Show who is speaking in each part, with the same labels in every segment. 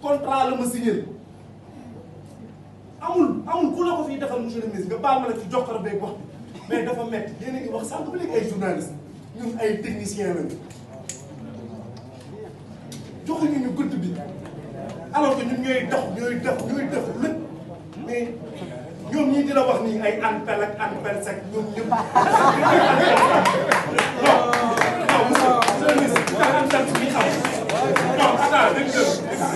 Speaker 1: contrat la ma signé amul amul ku la ko fiy defal monsieur le ministre nga baal ma nag ci jokkoo beeg wax bi mais dafa métti yéen a ngi wax sànq ba léegi ay journaliste ñun ay technicien lañu joxuñu ñu gëdd bi alors que ñun ñooy dox ñooy def ñooy def lépp mais ñoom ñii di la wax nii ay ANPEL ak ANPEL sec ñoom ñëpp. non non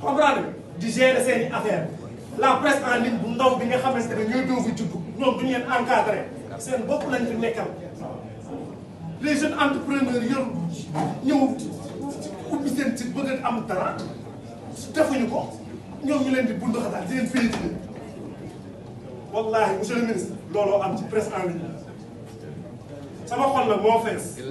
Speaker 1: comprendre di gérer seen i affaire la presse en ligne bu ndaw bi nga xamante ne ñooy doogu juddu ñoom duñu leen encadré seen bopp lañ fi nekkal les jeunes entrepreneurs yor ñëw ubbi seen ci bëgg a am dara defuñu ko ñoom ñu leen di bund xataa di leen félicité wallahi monsieur le looloo am ci presse en ligne sama xol la moo fees.